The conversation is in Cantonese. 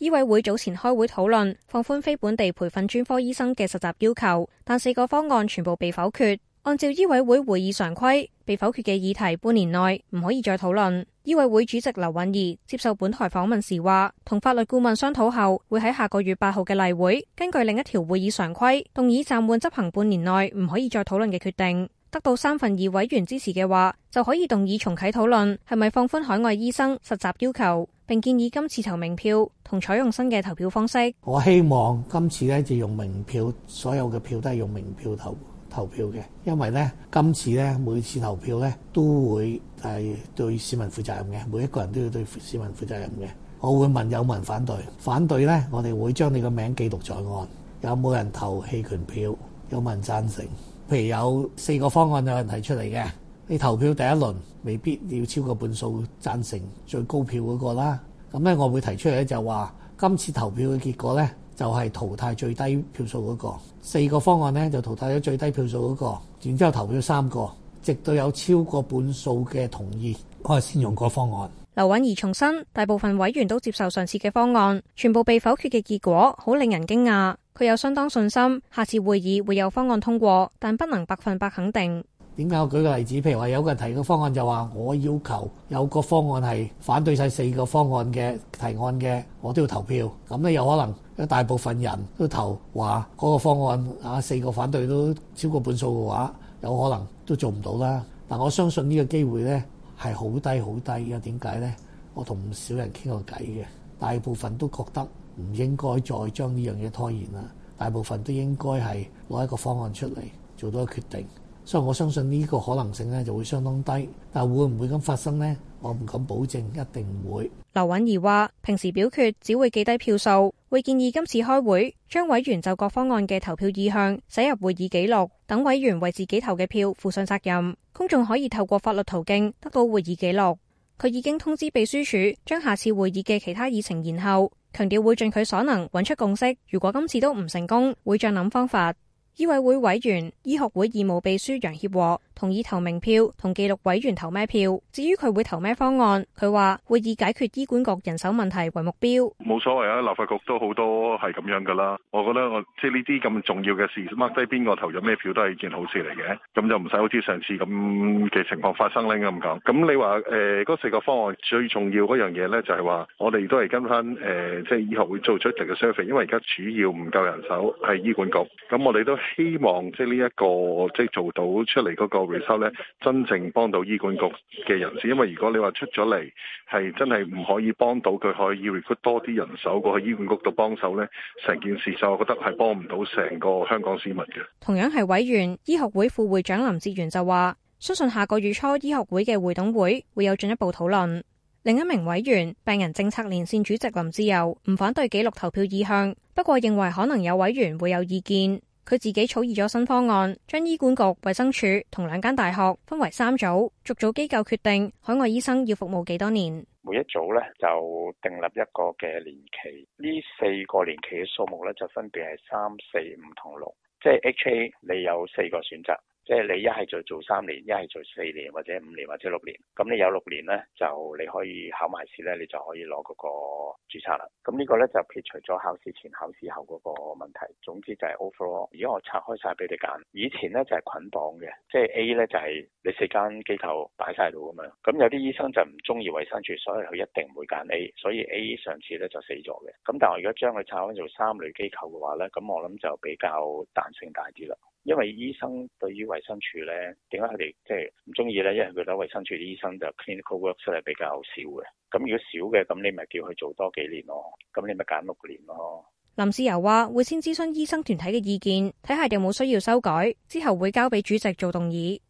醫委會早前開會討論放寬非本地培訓專科醫生嘅實習要求，但四個方案全部被否決。按照醫委會會議常規，被否決嘅議題半年內唔可以再討論。醫委會主席劉允怡接受本台訪問時話，同法律顧問商討後，會喺下個月八號嘅例會，根據另一條會議常規，動議暫緩執行半年內唔可以再討論嘅決定。得到三分二委員支持嘅話，就可以動議重啟討論，係咪放寬海外醫生實習要求，並建議今次投名票同採用新嘅投票方式。我希望今次呢，就用名票，所有嘅票都係用名票投投票嘅，因為呢，今次呢，每次投票呢，都會係對市民負責任嘅，每一個人都要對市民負責任嘅。我會問有冇人反對，反對呢，我哋會將你個名記錄在案。有冇人投棄權票？有冇人贊成？譬如有四個方案有人提出嚟嘅，你投票第一輪未必要超過半數贊成，最高票嗰個啦。咁咧，我會提出嚟咧，就話今次投票嘅結果咧，就係淘汰最低票數嗰個。四個方案咧就淘汰咗最低票數嗰個，然之後投票三個，直到有超過半數嘅同意，我係先用嗰個方案。劉允怡重申，大部分委員都接受上次嘅方案，全部被否決嘅結果好令人驚訝。佢有相當信心，下次會議會有方案通過，但不能百分百肯定。點解？我舉個例子，譬如話有個人提個方案就話，我要求有個方案係反對晒四個方案嘅提案嘅，我都要投票。咁咧有可能，一大部分人都投話嗰個方案啊四個反對都超過半數嘅話，有可能都做唔到啦。但我相信呢個機會呢係好低好低嘅。點解呢？我同唔少人傾過偈嘅，大部分都覺得。唔應該再將呢樣嘢拖延啦。大部分都應該係攞一個方案出嚟，做到個決定。所以我相信呢個可能性呢就會相當低，但係會唔會咁發生呢？我唔敢保證一定唔會。劉允怡話：平時表決只會記低票數，會建議今次開會將委員就各方案嘅投票意向寫入會議紀錄，等委員為自己投嘅票負上責任。公眾可以透過法律途徑得到會議紀錄。佢已經通知秘書處將下次會議嘅其他議程延後。強調會盡佢所能揾出共識。如果今次都唔成功，會再諗方法。醫委會委員、醫學會義務秘書楊協和。同意投明票，同記錄委員投咩票？至於佢會投咩方案，佢話會以解決醫管局人手問題為目標。冇所謂啊，立法局都好多係咁樣噶啦。我覺得我即係呢啲咁重要嘅事，mark 低邊個投入咩票都係一件好事嚟嘅。咁就唔使好似上次咁嘅情況發生咧。咁講，咁你話誒，嗰、呃、四個方案最重要嗰樣嘢咧，就係話我哋都係跟翻誒，即係醫學會做出一啲嘅 service，因為而家主要唔夠人手係醫管局。咁我哋都希望即係呢一個即係做到出嚟嗰、那個。回收咧，真正幫到醫管局嘅人士，因為如果你話出咗嚟係真係唔可以幫到佢，可以 recruit 多啲人手過去醫管局度幫手咧，成件事就我覺得係幫唔到成個香港市民嘅。同樣係委員醫學會副會長林志源就話，相信下個月初醫學會嘅會董會會有進一步討論。另一名委員病人政策連線主席林志友唔反對記錄投票意向，不過認為可能有委員會有意見。佢自己草擬咗新方案，將醫管局、衛生署同兩間大學分為三組，逐組機構決定海外醫生要服務幾多年。每一組咧就訂立一個嘅年期，呢四個年期嘅數目咧就分別係三、四、五同六，即係 HA 你有四個選擇。即係你一係做做三年，一係做四年或者五年或者六年，咁你有六年咧，就你可以考埋試咧，你就可以攞嗰個註冊啦。咁呢個咧就撇除咗考試前、考試後嗰個問題。總之就係 overall 咯。而家我拆開晒俾你揀。以前咧就係捆綁嘅，即係 A 咧就係、是、你四間機構擺晒度咁樣。咁有啲醫生就唔中意衞生署，所以佢一定唔會揀 A。所以 A 上次咧就死咗嘅。咁但係我而家將佢拆開做三類機構嘅話咧，咁我諗就比較彈性大啲啦。因為醫生對於衛生署咧，點解佢哋即係唔中意咧？因為佢覺得衛生署啲醫生就 clinical work 室係比較少嘅，咁如果少嘅，咁你咪叫佢做多幾年咯，咁你咪揀六年咯。林志友話會先諮詢醫生團體嘅意見，睇下有冇需要修改，之後會交俾主席做動議。